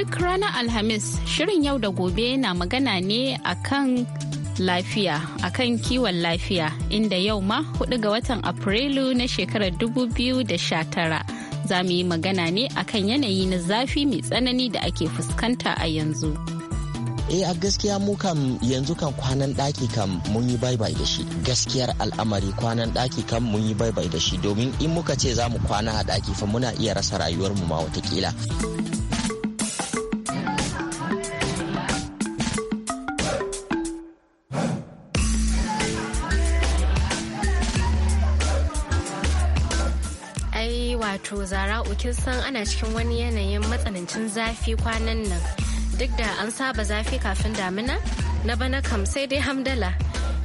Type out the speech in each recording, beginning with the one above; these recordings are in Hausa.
duk ranar Alhamis shirin yau da gobe na magana ne akan lafiya akan kiwon lafiya inda yau ma huɗu ga watan Afrilu na shekarar 2019. za mu yi magana ne akan yanayi na zafi mai tsanani da ake fuskanta a yanzu. eh a gaskiya mu kam yanzu kan kwanan daki kam mun yi baibai da shi gaskiyar al'amari kwanan daki kam mun yi baibai da shi domin in muka ce za mu kwana a daki fa muna iya rasa rayuwarmu ma watakila. wato zara'u kin san ana cikin wani yanayin matsanancin zafi kwanan nan duk da an saba zafi kafin damina na bana kam sai dai hamdala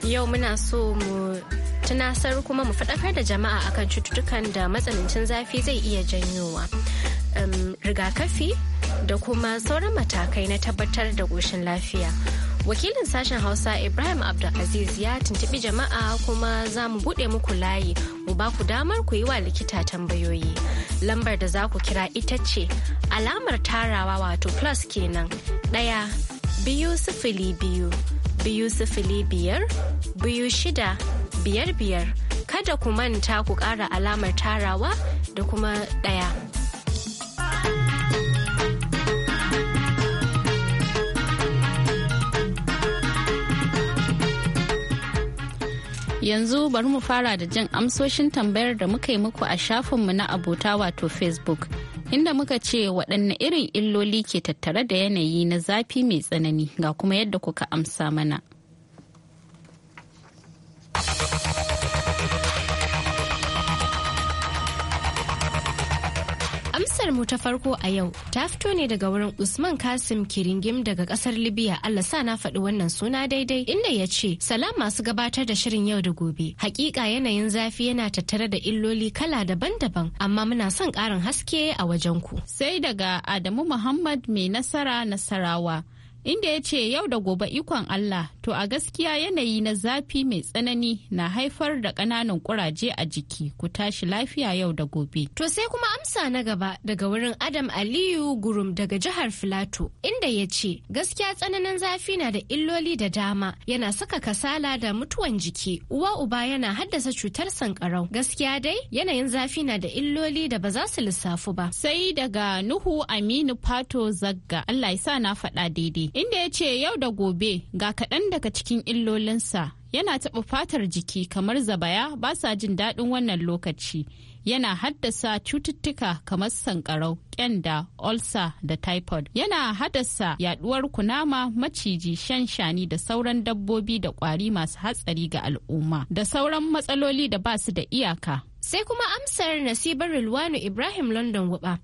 yau muna so mu tunasar kuma mu faɗakar da jama'a akan cututtukan da matsanancin zafi zai iya janyowa rigakafi da kuma sauran matakai na tabbatar da ƙoshin lafiya. wakilin sashen hausa ibrahim abdulaziz ya tuntubi jama'a kuma za mu buɗe muku layi mu ba ku damar ku yi wa likita tambayoyi lambar da za ku kira ita ce alamar tarawa wato plus kenan ɗaya biyu sifili biyu biyu sifili biyar biyu shida biyar biyar kada ku manta ku ƙara alamar tarawa da kuma ɗaya Yanzu bari mu fara da jin amsoshin tambayar da muka yi muku a shafinmu na abota wato Facebook, inda muka ce waɗanne irin illoli ke tattare da yanayi na zafi mai tsanani ga kuma yadda kuka amsa mana. Amsar mu ta farko a yau ta fito ne daga wurin Usman Kasim Kiringim daga kasar Libya Allah sa na faɗi wannan suna daidai inda ya ce salam masu gabatar da shirin yau da gobe. Hakika yanayin zafi yana tattare da illoli kala daban-daban amma muna son ƙarin haske a wajen ku. Sai daga Adamu Muhammad mai nasara nasarawa. Inda ya ce yau da gobe ikon Allah To a gaskiya yanayi na zafi mai tsanani na haifar da ƙananan ƙuraje a jiki ku tashi lafiya yau da gobe. To sai kuma amsa na gaba daga wurin Adam Aliyu Gurum daga jihar Filato inda ya ce gaskiya tsananin zafi na da illoli da dama yana saka kasala da mutuwan jiki uwa uba yana haddasa cutar sankarau gaskiya dai yanayin zafi na da illoli da ba za su lissafu ba. Sai daga Nuhu Aminu Fato Zagga Allah ya sa na faɗa daidai inda ya ce yau da gobe ga kaɗan daga cikin illolinsa yana taɓa fatar jiki kamar zabaya ba sa jin daɗin wannan lokaci yana haddasa cututtuka kamar sankarau kyanda olsa da typhoid yana haddasa yaduwar kunama maciji shan shani da sauran dabbobi da kwari masu hatsari ga al'umma da sauran matsaloli da ba su da iyaka sai kuma amsar nasibar rilwanu ibrahim london wuba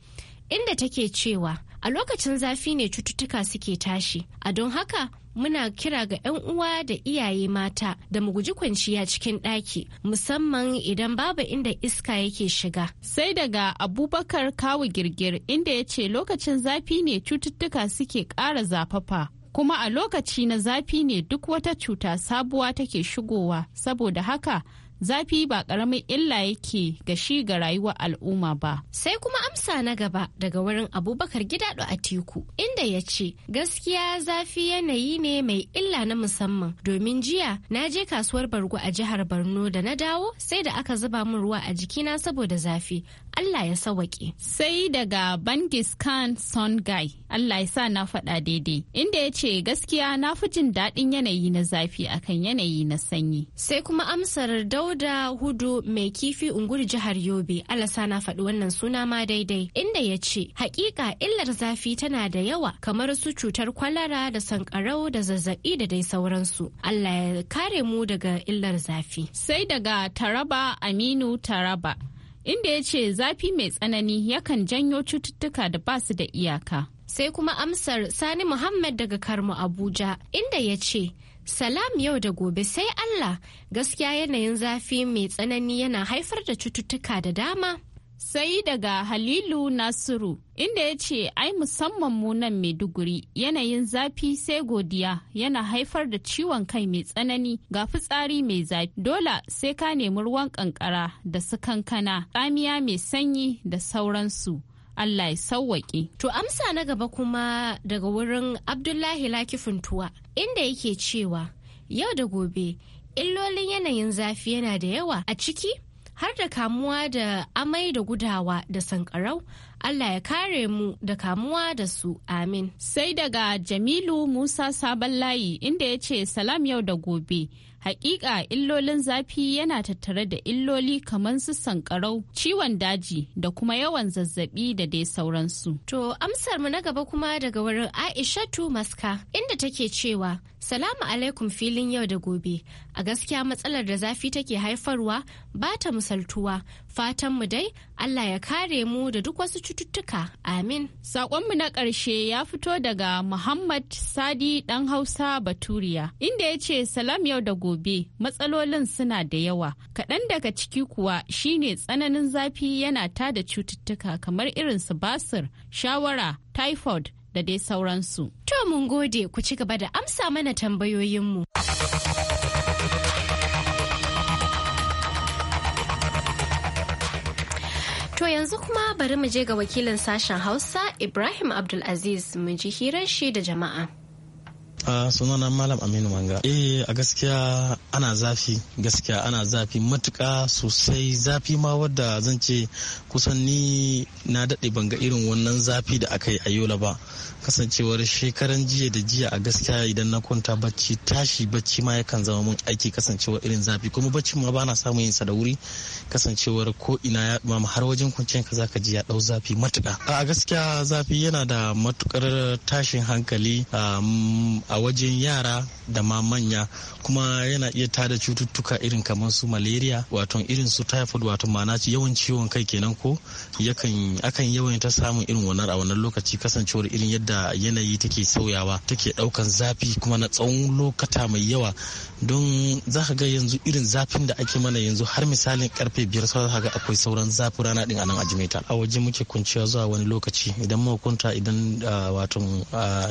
inda take cewa a lokacin zafi ne cututtuka suke tashi a don haka muna kira ga 'yan uwa da iyaye mata da mu guji kwanciya cikin ɗaki musamman idan babu inda iska yake shiga. Sai daga abubakar kawu girgir inda ya ce lokacin zafi ne cututtuka suke ƙara zafafa. Kuma a lokaci na zafi ne duk wata cuta sabuwa take shigowa saboda haka zafi ba ƙaramin illa yake ga shi ga rayuwar al'umma ba. Sai kuma amsa na gaba daga wurin Abubakar Gidaɗo a teku inda ya ce gaskiya zafi yanayi ne mai illa na musamman domin jiya na je kasuwar Bargo a jihar Borno da na dawo sai da aka zuba min ruwa a jikina saboda zafi Allah ya sauwaƙe Sai daga Bangis Khan Son Guy, Allah ya sa na faɗa daidai, inda ya ce gaskiya na fi jin daɗin yanayi na zafi akan yanayi na sanyi. Sai kuma amsar Dauda Hudu mai kifi unguri jihar Yobe, Allah sa na faɗi wannan suna ma daidai, inda ya ce haƙiƙa illar zafi tana da yawa kamar su cutar kwalara da sankarau da zazzaɓi da dai sauransu. Allah ya kare mu daga illar zafi. Sai daga Taraba Aminu Taraba. inda ya ce zafi mai tsanani yakan janyo cututtuka da ba su da iyaka. Sai kuma amsar Sani Muhammad daga Karmu Abuja inda ya ce, Salam yau da gobe sai Allah gaskiya yanayin zafi mai tsanani yana haifar da cututtuka da dama. sai daga halilu nasiru inda ya ce ai musamman mu nan maiduguri yanayin zafi sai godiya yana haifar da ciwon kai mai tsanani ga fitsari mai zafi dole sai ka nemi ruwan kankara da su kankana tsamiya mai sanyi da sauransu Allah ya sauwaƙe. To amsa na gaba kuma daga wurin Abdullahi Lakifin Tuwa inda yake cewa yau da gobe illolin yanayin zafi yana da yawa a ciki har da kamuwa da amai da gudawa da sankarau Allah ya kare mu da kamuwa da su amin sai daga jamilu musa sabon layi inda ya ce salam yau da gobe Hakika illolin zafi yana tattare da illoli kamar su sankarau, ciwon daji da kuma yawan zazzabi da dai sauransu. To amsar mu na gaba kuma daga wurin Aishatu Maska inda take cewa Salamu alaikum filin yau da gobe. A gaskiya matsalar da zafi take haifarwa ba ta misaltuwa. mu dai Allah ya kare mu da duk wasu cututtuka. Amin. Saƙonmu na ƙarshe ya fito daga Muhammad Sadi ɗan Hausa Baturiya inda yace salam yau da gobe. gobe matsalolin suna da yawa kaɗan daga ciki kuwa shine tsananin zafi yana ta da cututtuka kamar irin su basir shawara typhoid da dai sauransu to mun gode ku ci gaba da amsa mana tambayoyinmu To yanzu kuma bari mu je ga wakilin sashen Hausa Ibrahim Abdulaziz mu ji hirar shi da jama'a. suna sunana malam aminu manga eh a gaskiya ana zafi gaskiya ana zafi matuka sosai zafi ma wadda zan ce kusan ni na daɗe ban irin wannan zafi da aka yi a yola ba kasancewar shekaran jiya da jiya a gaskiya idan na kwanta bacci tashi bacci ma yakan zama mun aiki kasancewar irin zafi kuma bacci ma bana samun yin sa da wuri kasancewar ko ina ya dumama har wajen kwanciyar ka zaka ji ya dau zafi matuka a gaskiya zafi yana da matukar tashin hankali um, a wajen yara da ma manya kuma yana iya tada cututtuka irin kamar su malaria wato irin su typhoid wato ma'ana yawan ciwon kai kenan ko yakan akan yawan ta samun irin wannan a wannan lokaci kasancewar irin yadda yadda yanayi take sauyawa take daukan zafi kuma na tsawon lokata mai yawa don za ka ga yanzu irin zafin da ake mana yanzu har misalin karfe biyar sau za ga akwai sauran zafi rana din a nan ajimeta a waje muke kunciya zuwa wani lokaci idan mu kunta idan wato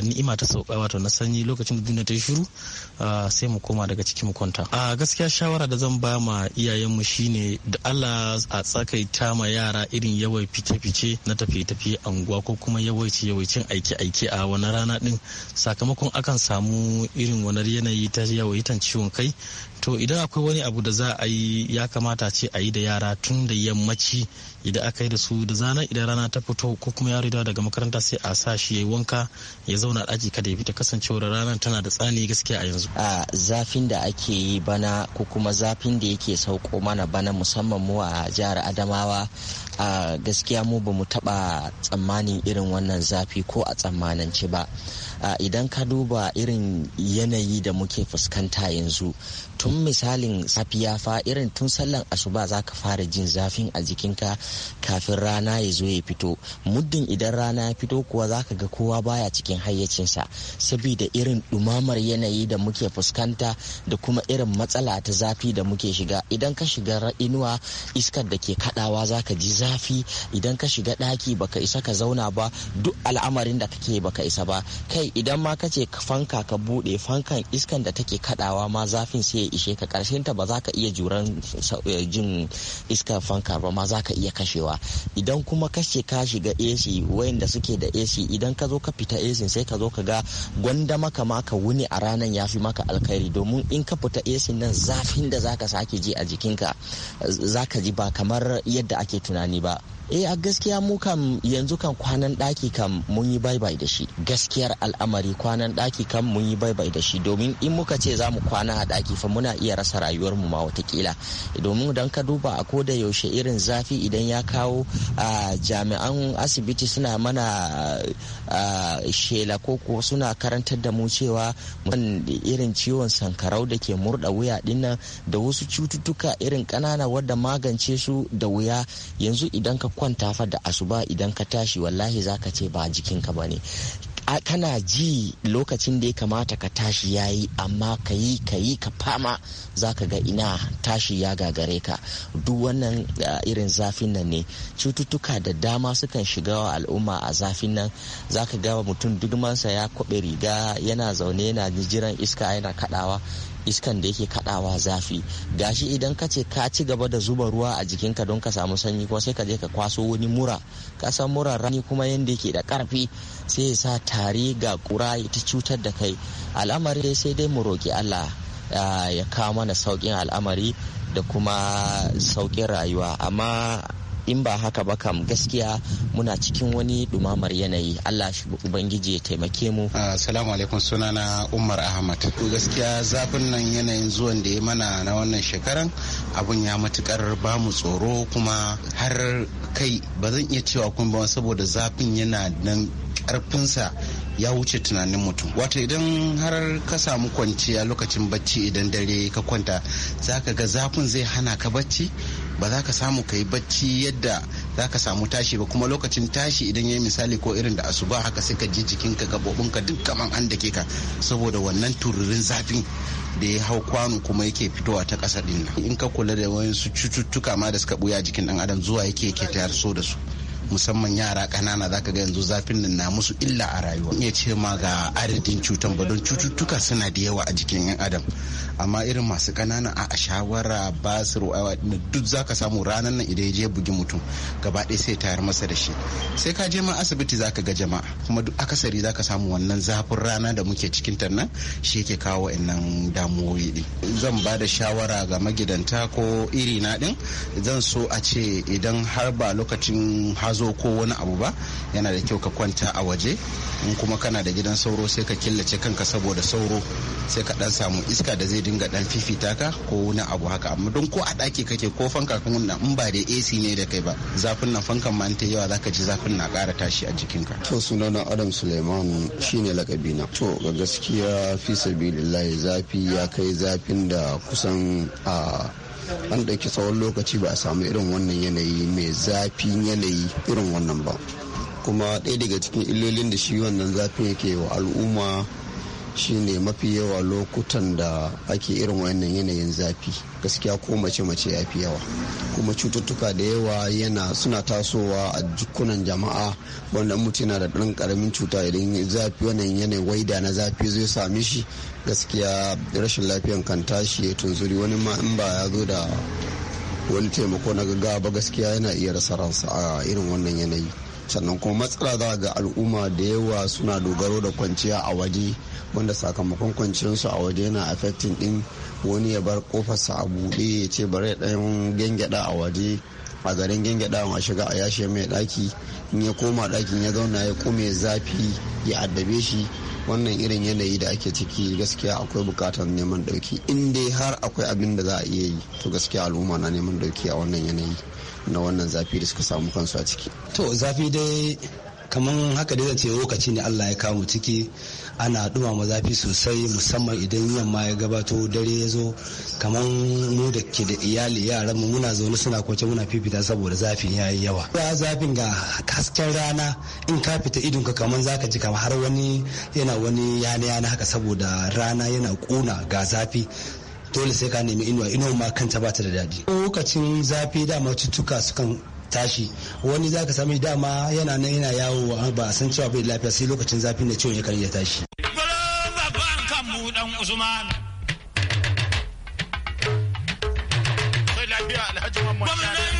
ni'ima ta sauka wato na sanyi lokacin da duniya ta yi shiru sai mu koma daga ciki mu kwanta a gaskiya shawara da zan ba ma iyayen mu shine da Allah a tsakaita ma yara irin yawai fice-fice na tafiye-tafiye anguwa ko kuma yawaice yawaicin aiki-aiki aiki a wani rana din sakamakon akan samu irin wani yanayi ta yawaitan ciwon kai to idan akwai wani abu da za a yi ya kamata ce a yi da yara tun da yammaci idan aka yi da su da zana idan rana ta fito ko kuma yaro dawo daga makaranta sai a sa shi ya yi wanka ya zauna daji kada ya fita kasancewar ranar tana da tsani gaskiya a yanzu. a zafin da ake yi bana ko kuma zafin da yake sauko mana bana musamman mu a jihar adamawa a gaskiya mu ba mu taɓa tsammanin irin wannan zafi ko a tsammanance ba idan ka duba irin yanayi da muke fuskanta yanzu tun misalin safiya fa irin tun sallan asuba za ka fara jin zafin a jikinka kafin rana ya zo ya fito muddin idan rana ya fito kuwa za ka ga kowa baya cikin hayyacinsa saboda irin dumamar yanayi da muke fuskanta da kuma irin matsala ta zafi da muke shiga idan ka shiga inuwa iskar da ke kaɗawa za ka ji zafi zafi idan ka shiga ɗaki baka isa ka zauna ba duk al'amarin da kake baka isa ba kai idan ma ka ce fanka ka buɗe fankan iskan da take kaɗawa ma zafin sai ya ishe ka ƙarshen ta ba za ka iya juran eh, jin iskar fanka ba ma za ka iya kashewa idan kuma ka ce ka shiga AC wayanda suke da AC idan ka zo ka fita AC sai ka zo ka ga gwanda maka ma ka wuni a ranan yafi maka alkhairi domin in ka fita AC nan zafin da zaka sake ji a jikinka zaka ji ba kamar yadda ake tunani fulani ba eh a gaskiya mu kam yanzu kan kwanan ɗaki kam mun yi baibai da shi gaskiyar al'amari kwanan ɗaki kam mun yi baibai da shi domin in muka ce za mu kwana a ɗaki fa muna iya rasa rayuwar mu ma watakila domin dan ka duba a koda yaushe irin zafi idan ya kawo a jami'an asibiti suna mana shela ko ko suna karantar da mu cewa irin ciwon sankarau da ke murda wuya dinnan da wasu cututtuka irin kanana wadda magance su da wuya yanzu idan ka kwanta fa da asuba idan ka tashi wallahi zaka ce ba jikinka bane kana ji lokacin da ya kamata ka tashi ya yi amma ka yi ka yi ka fama za ka ga ina tashi ya gagare ka duk wannan irin zafin nan ne cututtuka da dama sukan shiga wa al'umma a zafin nan za ka ga mutum dudmansa ya kwaɓe riga yana zaune yana jiran iska yana kaɗawa iskan da yake kadawa zafi gashi idan ka ce ka ci gaba da zuba ruwa a jikinka don ka samu sanyi ko sai ka je ka kwaso wani mura kasan mura rani kuma yanda yake da karfi sai ya sa tari ga kura ta cutar da kai al'amari dai sai dai mu roki allah ya kawo mana saukin al'amari da kuma saukin rayuwa amma in ba haka ba kam gaskiya muna cikin wani dumamar yanayi allah shi ubangiji ya taimake mu assalamu alaikum sunana umar ahmad gaskiya zafin nan yanayin zuwan da ya mana na wannan shekaran abun ya matukar ba mu tsoro kuma har kai ba zan iya cewa kun ba saboda zafin yana nan karfinsa ya wuce tunanin mutum wato idan har ka samu kwanciya lokacin bacci idan dare ka kwanta za ka ga zafin zai hana ka bacci ba za ka samu ka yi bacci yadda za ka samu tashi ba kuma lokacin tashi idan ya yi misali ko irin da asuba haka sai ka ji jikinka ka duk kaman an dake ka saboda wannan tururin zafin da ya hau kwano kuma yake fitowa ta ƙasa ɗin in ka kula da wayansu cututtuka ma da suka buya jikin ɗan adam zuwa yake yake tayar so da su musamman yara kanana zaka ga yanzu zafin nan na musu illa a rayuwa iya ce ma ga adadin cutan ba don cututtuka suna da yawa a jikin yan adam amma irin masu kanana a shawara ba su ruwa duk zaka samu ranar nan idan ya je bugi mutum gaba ɗaya sai tayar masa da shi sai ka je ma asibiti zaka ga jama'a kuma duk akasari zaka samu wannan zafin rana da muke cikin ta nan shi yake kawo wa'annan damuwoyi din zan ba da shawara ga magidanta ko iri na din zan so a ce idan har ba lokacin hazo zo ko wani abu ba yana da kyau ka kwanta a waje in kuma kana da gidan sauro sai ka killace kanka saboda sauro sai ka dan samu iska da zai dinga dan fifita ka ko wani abu haka amma don ko a daki kake ko fanka kan wannan in ba da AC ne da kai ba zafin nan fankan ma ta yawa zaka ji zafin na ƙara tashi a ka to sunana Adam Suleiman shine lakabi na to ga gaskiya fi sabilillahi zafi ya kai zafin da kusan a ah, an ɗauki tsawon lokaci ba a samu irin wannan yanayi mai zafi yanayi irin wannan ba kuma ɗaya daga cikin illolin da shi wannan zafin yake wa al'umma shine mafi yawa lokutan da ake irin wannan yanayin zafi gaskiya ko mace mace ya fi yawa kuma cututtuka da yawa yana suna tasowa a jikunan jama'a wanda mutum yana da ɗan ƙaramin cuta idan zafi wannan yanayin waida na zafi zai sami shi gaskiya rashin lafiyan kan tashi ya tunzuri wani ma in ba ya zo da wani taimako na gaggawa ba gaskiya yana iya rasa ransa a irin wannan yanayi sannan kuma matsala za ga al'umma da yawa suna dogaro da kwanciya a waje wanda sakamakon kwanciyarsu a waje yana affecting din wani ya bar kofarsa a buɗe ya ce bari ya ɗan a waje a garin gyangyada a shiga a yashe mai ɗaki in ya koma ɗakin ya zauna ya kume zafi ya addabe shi wannan irin yanayi da ake ciki gaskiya akwai bukatar neman ɗauki in dai har akwai abin da za a iya yi to gaskiya al'umma na neman ɗauki a wannan yanayi na wannan zafi da suka samu kansu a ciki to zafi dai kamar haka dai ce lokaci ne allah ya kamu ciki ana dumama zafi sosai musamman idan yamma ya gabato dare ya zo kamar mu da ke da iyali yaran mu muna zaune suna kwace muna fifita saboda zafin ya yi yawa ya zafin ga hasken rana in ka fita idon ka kamar zaka ji kamar har wani yana wani yana yana haka saboda rana yana kuna ga zafi dole sai ka nemi inuwa inuwa ma kanta ba ta da daɗi lokacin zafi dama cutuka sukan tashi wani za ka sami dama yana nan yana yawo ba a san cewa bai lafiya sai lokacin zafi na ciwon ya karya tashi Gwamnan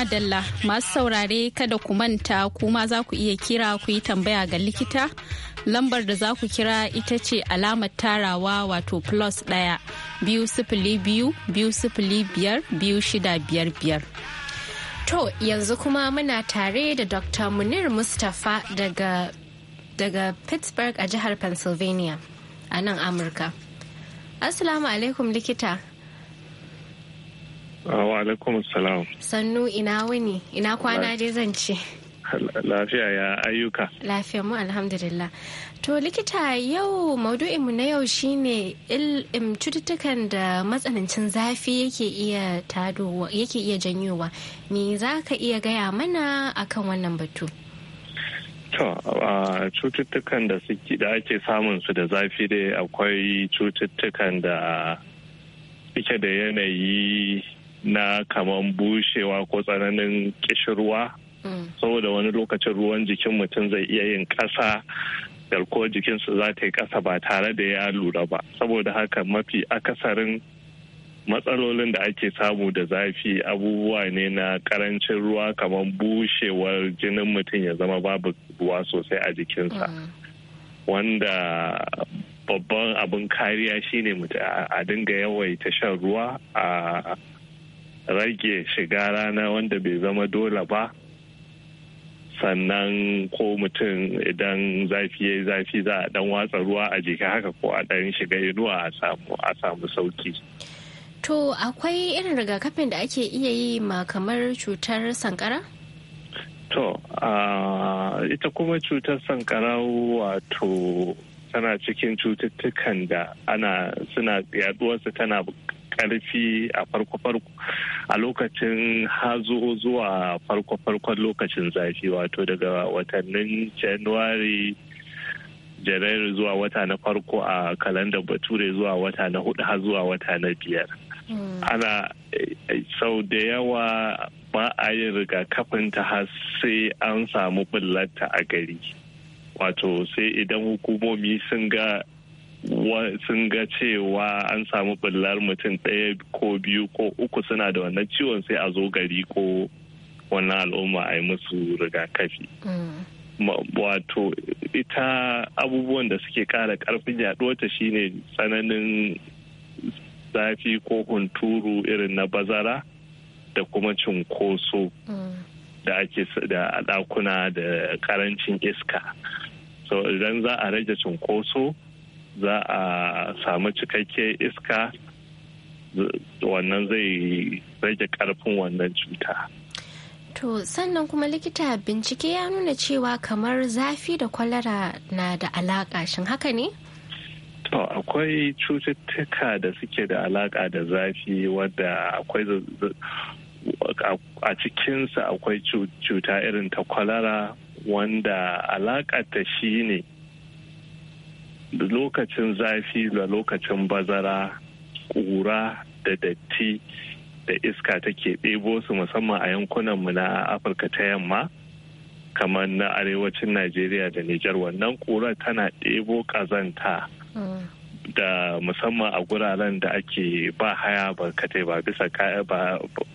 madalla masu saurare kada ku manta kuma za ku iya kira ku yi tambaya ga likita lambar da za ku kira ita ce alamar tarawa wato plus ɗaya biyu sifili biyu biyu sifili biyar biyu shida biyar biyar. To yanzu kuma muna tare da Dr. Munir Mustapha daga, daga Pittsburgh a jihar Pennsylvania a nan Amurka. Assalamu alaikum likita. Wa alaikum salam. Sannu ina wuni, ina kwana dai zan ci. Lafiya ya ayyuka. Lafiya mu alhamdulillah. To likita yau maudu'inmu na yau shine cututtukan da matsanancin zafi yake iya yake iya janyowa. Me za ka iya gaya mana akan wannan batu? To, cututtukan da suke da ake samun su da zafi dai akwai cututtukan da suke da yanayi na kaman bushewa ko tsananin kishirwa mm. saboda wani lokacin ruwan jikin mutum zai iya yin ƙasa garkuwar jikinsu za ta yi ƙasa ba tare da ya lura ba saboda haka mafi akasarin matsalolin da ake samu da zafi abubuwa ne na karancin ruwa kamar bushewar jinin mutum ya zama babu ruwa sosai a jikinsa mm. wanda babban abin kariya shine a dinga yawaita shan ruwa a rage shiga rana wanda bai zama dole ba sannan ko mutum idan zafi ya zafi za a dan watsa ruwa a jiki haka ko a dan shiga inuwa a samu sauki to akwai irin rigakafin da ake iya yi ma kamar cutar sankara to ita kuma cutar sankara wato tana cikin cututtukan da ana suna yaduwarsa tana karfi a farko-farko a lokacin hazo zuwa farko-farkon lokacin zafi wato daga watannin januari janairu zuwa wata na farko a kalandar bature zuwa wata na hudu har zuwa wata na biyar hmm. ana sau da yawa ba a yin rigakafin ta har sai an samu bullarta a gari wato sai idan hukumomi sun ga sun ga cewa an samu bullar mutum ɗaya ko biyu ko uku suna da wannan ciwon sai a zo gari ko wannan al'umma a yi musu rigakafi. Mm. wato ita abubuwan da suke kara karfin yaduwarta shine tsananin zafi ko hunturu irin na bazara da kuma cunkoso mm. da ake da ɗakuna da karancin iska so idan za a rage cunkoso za a samu cikakke iska wannan zai rage karfin wannan cuta. To sannan kuma likita bincike ya nuna cewa kamar zafi da kwalara na da alaƙa shin haka ne? To akwai cututtuka da suke da alaƙa da zafi wadda akwai a cikinsa akwai cuta irin ta kwalara wanda alaƙa ta shi ne. lokacin zafi da lokacin bazara ƙura da datti da iska take ɗebo su musamman a yankunanmu na afirka ta yamma kamar na arewacin najeriya da nijar wannan kura tana ɗebo ƙazanta da musamman a guraren da ake ba haya barkatai ba bisa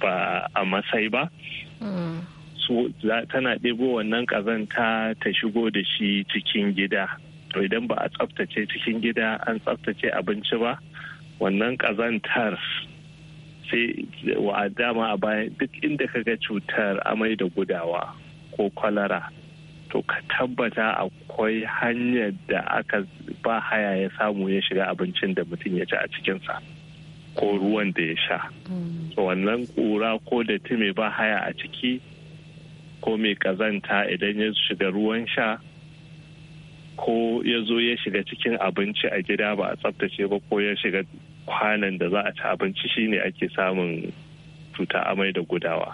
ba a masai ba mm. tana ɗebo wannan ƙazanta ta shigo da shi cikin gida to idan ba a tsaftace cikin gida an tsaftace abinci ba wannan kazantar sai wa dama a bayan duk inda kaga cutar amai da gudawa ko kwalara to ka tabbata akwai hanyar da aka ba haya ya samu ya shiga abincin da mutum ya ci a cikinsa ko ruwan da ya sha mm. wannan kura ko da mai ba haya a ciki ko mai kazanta idan ya shiga ruwan sha ko ya zo ya shiga cikin abinci a gida ba a tsaftace ba ko ya shiga kwanan da za a ci abinci shine ake samun cuta amai da gudawa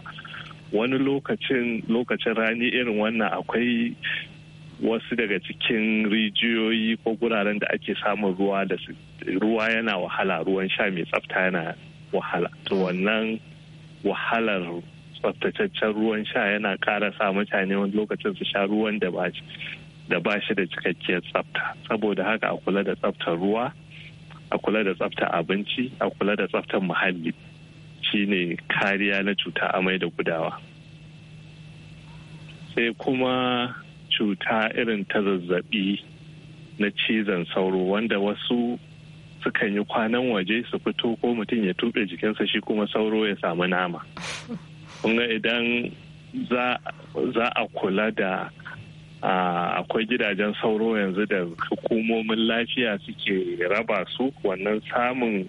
wani lokacin lokacin rani irin wannan akwai wasu daga cikin rijiyoyi ko guraren da ake samun ruwa da ruwa yana wahala ruwan sha mai tsafta yana wahala to wannan wahalar tsaftataccen ruwan sha yana ƙara sa mutane wani lokacin su sha ruwan da ba da ba shi da cikakkiyar tsafta saboda haka a kula da tsaftar ruwa a kula da tsaftar abinci a kula da tsaftar muhalli shine kariya na cuta amai da gudawa sai kuma cuta irin ta zazzabi na cizon sauro wanda wasu sukan yi kwanan waje su fito ko mutum ya tuɓe jikinsa shi kuma sauro ya samu nama. Kunga idan za a kula da akwai gidajen sauro yanzu da hukumomin lafiya suke raba su wannan samun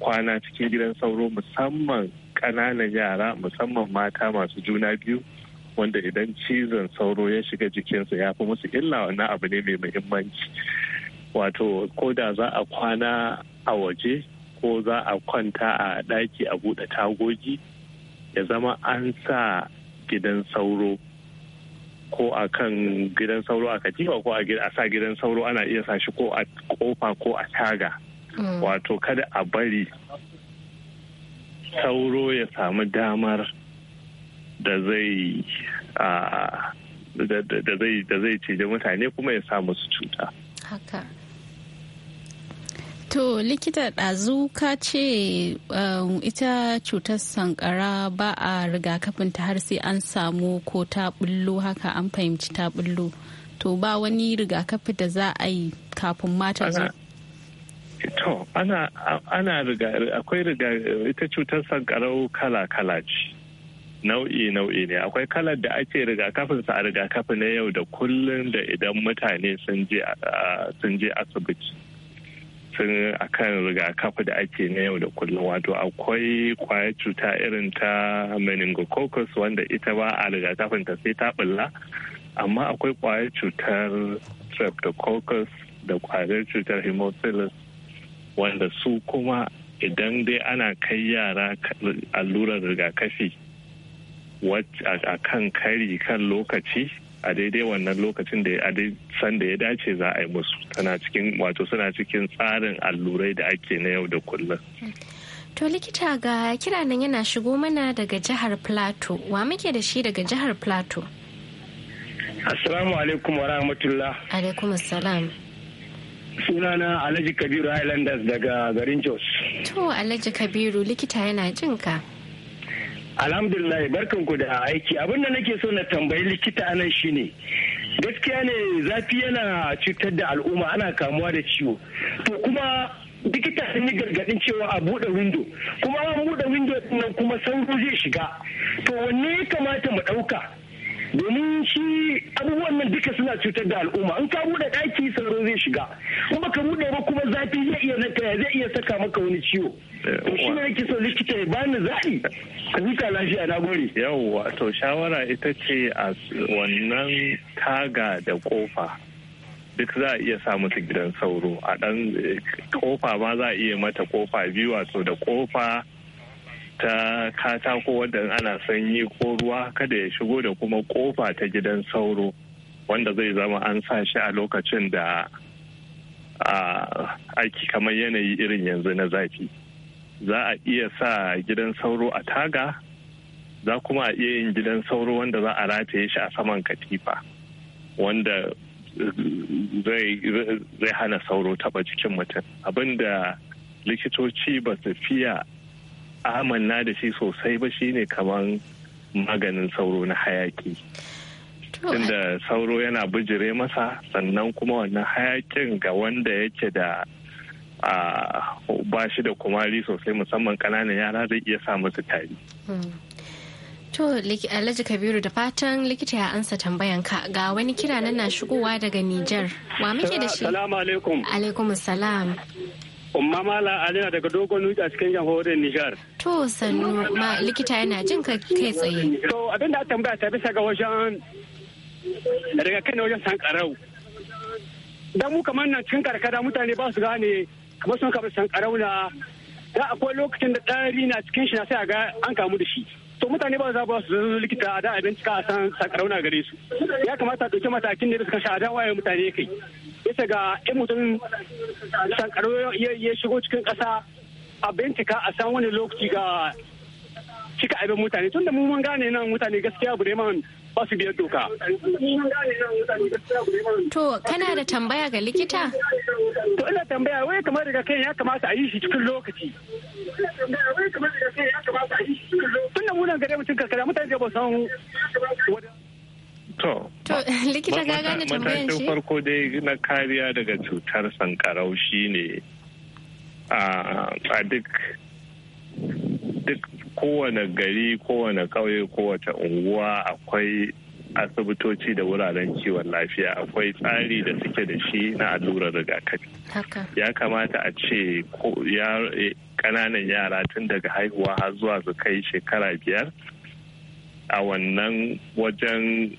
kwana cikin gidan sauro musamman ƙananan yara musamman mata masu juna biyu wanda idan cizon sauro ya shiga jikinsu ya fi musu illa wannan abu ne mai muhimmanci wato ko da za a kwana a waje ko za a kwanta a ɗaki a buɗe tagogi ya zama an sa gidan sauro ko a kan gidan sauro a katifa ko a sa gidan sauro ana iya sa shi ko a kofa ko a taga mm. wato kada a bari sauro ya samu damar da zai da zai ce mutane kuma ya samu su cuta To likita ɗazu ka ce um, ita cutar sankara ba a rigakafinta har sai an samu ko ta bullo haka an fahimci ta bullo. To ba wani rigakafi da za a yi kafin mata zo? To ana, ana riga, akwai riga, ita cutar sankarau kala-kala ce. nau'i-nau'i ne akwai kalar da ake rigakafinsa a rigakafi na yau da kullum da idan mutane sun je asibiti sun akan rigakafi da ake na yau da kullum wato akwai kwayar cuta irin ta meningococcus wanda ita ba a rigakafin ta sai ta bulla amma akwai kwayar cutar streptococcus da kwayar cutar hemophilus wanda su kuma idan dai ana kai yara allurar rigakafi a kan kari kan lokaci a daidai wannan lokacin da a san da ya dace za a yi musu tana cikin wato suna cikin tsarin allurai da ake na yau da kullum to likita ga kira nan yana shigo mana daga jihar plateau wa muke da shi daga jihar plateau assalamu alaikum wa rahmatullah alaikum assalam sunana alhaji kabiru highlanders daga garin jos to alhaji kabiru likita yana jinka Alhamdulillah barkan da aiki abin da nake so na tambayi likita anan shine gaskiya ne zafi yana cutar da al'umma ana kamuwa da ciwo to kuma likita sun yi gargadin cewa a buɗe windo kuma an buɗe windo nan kuma sauro zai shiga to wanne ya kamata mu ɗauka domin shi abubuwan nan duka suna cutar da al'umma in ka buɗe daki sauro zai shiga in baka buɗe ba kuma zafi zai iya zai iya saka maka wani ciwo to shi ne yake so likita ya bani zaɓi ka huta lafiya na gori yawwa to shawara ita ce a wannan taga da kofa duk za a iya sa musu gidan sauro a dan kofa eh, ma za a iya mata kofa biyu wato da kofa ta katako wadda ana sanyi ko ruwa kada ya shigo da kuma kofa ta gidan sauro wanda zai zama an sa shi a lokacin da aiki kamar yanayi irin yanzu na zafi za a iya sa gidan sauro a taga za kuma a iya yin gidan sauro wanda za a rataye shi a saman katifa wanda zai hana sauro taba jikin mutum abinda likitoci ba su fiya amanna da shi sosai ba shine kamar maganin sauro na hayaki tunda sauro yana bijire masa sannan kuma wannan hayakin ga wanda yake da ba shi da kumari sosai musamman kananan yara zai iya sa musu tari hmm. To Alhaji Kabiru da fatan likita ya ansa tambayan ga wani kira nan na shigowa daga Nijar. Wa muke da shi? alaikum. Alaikum salam. Umma Mala Alina daga Dogon Nuki a cikin jamhuriyar Nijar. To sannu ma likita yana jin ka kai tsaye. To abin da tambaya ta bisa ga wajen daga kai wajen sankarau. Dan mu kamar nan cikin karkara mutane ba su gane kamar sun kafa sankarau na da akwai lokacin da ɗari na cikin shi na sai a ga an kamu da shi. to mutane ba za ba su zo likita a da abinci ka a san sankarau na gare su ya kamata a ɗauki matakin da suka sha a da waye mutane kai bisa ga in mutum sankaro ya shigo cikin kasa a bincika a san wani lokaci ga cika abin mutane tunda mu mun gane nan mutane gaskiya bureman ba su biyar doka. To kana da tambaya ga likita? To ina tambaya wai kamar daga kai ya kamata a yi shi cikin lokaci. Tunda munan gare mutum karkara mutane ba ba san To, likita ga gane tambayan shi? farko dai na kariya daga cutar sankarau shi ne a duk kowane gari kowane ƙauye kowace unguwa akwai asibitoci da wuraren kiwon lafiya akwai tsari da suke da shi na allurar rigakafi ya kamata a ce kananan yara tun daga haihuwa har zuwa su kai shekara biyar a wannan wajen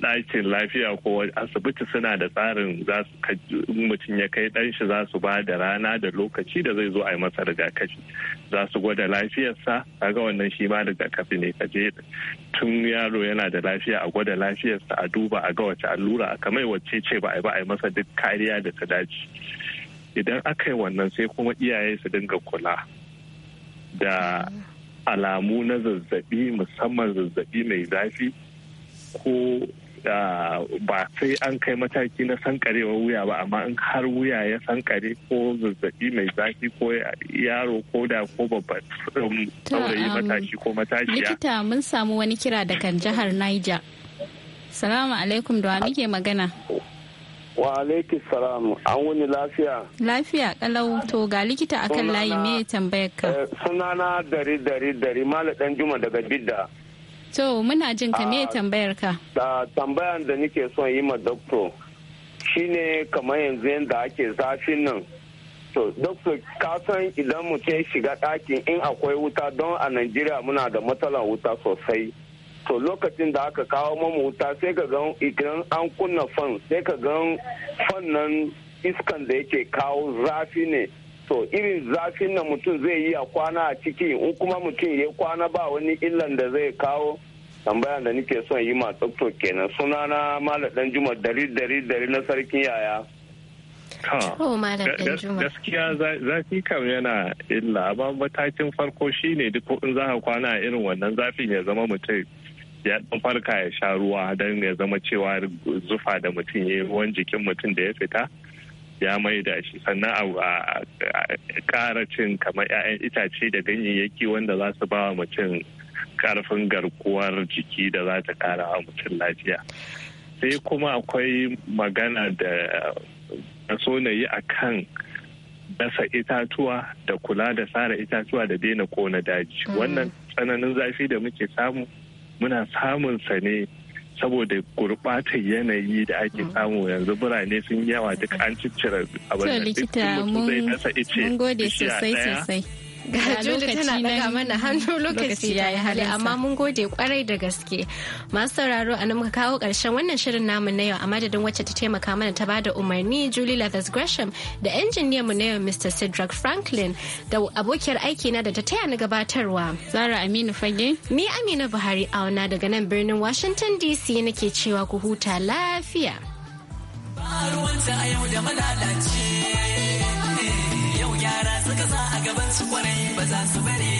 ɗakin lafiya ko asibiti suna da tsarin za su mutum ya kai ɗan shi za su ba da rana da lokaci da zai zo a yi masa rigakafi za su gwada lafiyarsa kaga wannan shi ma rigakafi ne ka je tun yaro yana da lafiya a gwada lafiyarsa a duba a ga wace allura a kamai wacce ce ba a yi ba a yi masa duk kariya da ta dace idan aka yi wannan sai kuma iyaye su dinga kula da alamu na zazzabi musamman zazzabi mai zafi ko ba sai an kai mataki na sankarewa wuya ba amma in har wuya ya sankare ko zazzabi mai zafi ko yaro ko da ko babban um, saurayi um, matashi ko matashiya. Likita mun samu wani kira daga jihar Niger. Salamu alaikum da muke magana. Wa alaikum salam an wuni lafiya. Lafiya kalau to ga likita akan layi me tambayar ka. Eh, sunana dari dari dari dan juma daga bidda. To muna jin ka me ah, tambayar ka? Da tambayan da nike son yi ma shi shine kamar yanzu yadda ake zafin nan. To dokto ka san idan mutum shiga ɗakin in akwai wuta don a Najeriya muna da matsalar wuta sosai. To lokacin da aka kawo mamu wuta sai ka gan idan an kunna fan sai ka gan fan nan iskan da yake kawo zafi ne so irin zafin na mutum zai yi a kwana a ciki in kuma mutum ya kwana ba wani illan da zai kawo tambaya da nike son yi ma tsafto kenan suna na dan juma dari dari dari na sarkin yaya gaskiya zafi kam yana illa amma matakin farko shine duk in za ka kwana a irin wannan zafin ya zama mutum ya dan farka ya sha ruwa don ya zama cewa zufa da mutum ya yi ruwan jikin mutum da ya fita ya mai da shi sannan a ƙara cin kamar 'ya'yan itace da ganyayyaki wanda za su ba wa mutum karfin garkuwar jiki da za ta ƙara wa mutum lafiya sai kuma akwai magana da so na yi a kan dasa itatuwa da kula da sare itatuwa da daina kona daji mm. wannan tsananin zafi da muke samu muna samun sa ne saboda gurɓatar yanayi da ake mm. samu yanzu birane sun yawa duk an ciccire abin da duk mutum zai nasa ice gode ga Juli tana daga mana hannu lokaci ya yi hali amma mun gode kwarai da gaske masu sauraro a nan muka kawo karshen wannan shirin namu na yau a madadin wacce ta taimaka mana ta bada umarni Julie Lathers Gresham da injiniyan mu na yau Mr. Cedric Franklin da abokiyar aiki na da ta taya ni gabatarwa Zara Aminu Fage ni Amina Buhari auna daga nan birnin Washington DC nake cewa ku huta lafiya. Ba ruwanta a yau da malalaci. yara suka sa a gaban su kwarai ba za su bare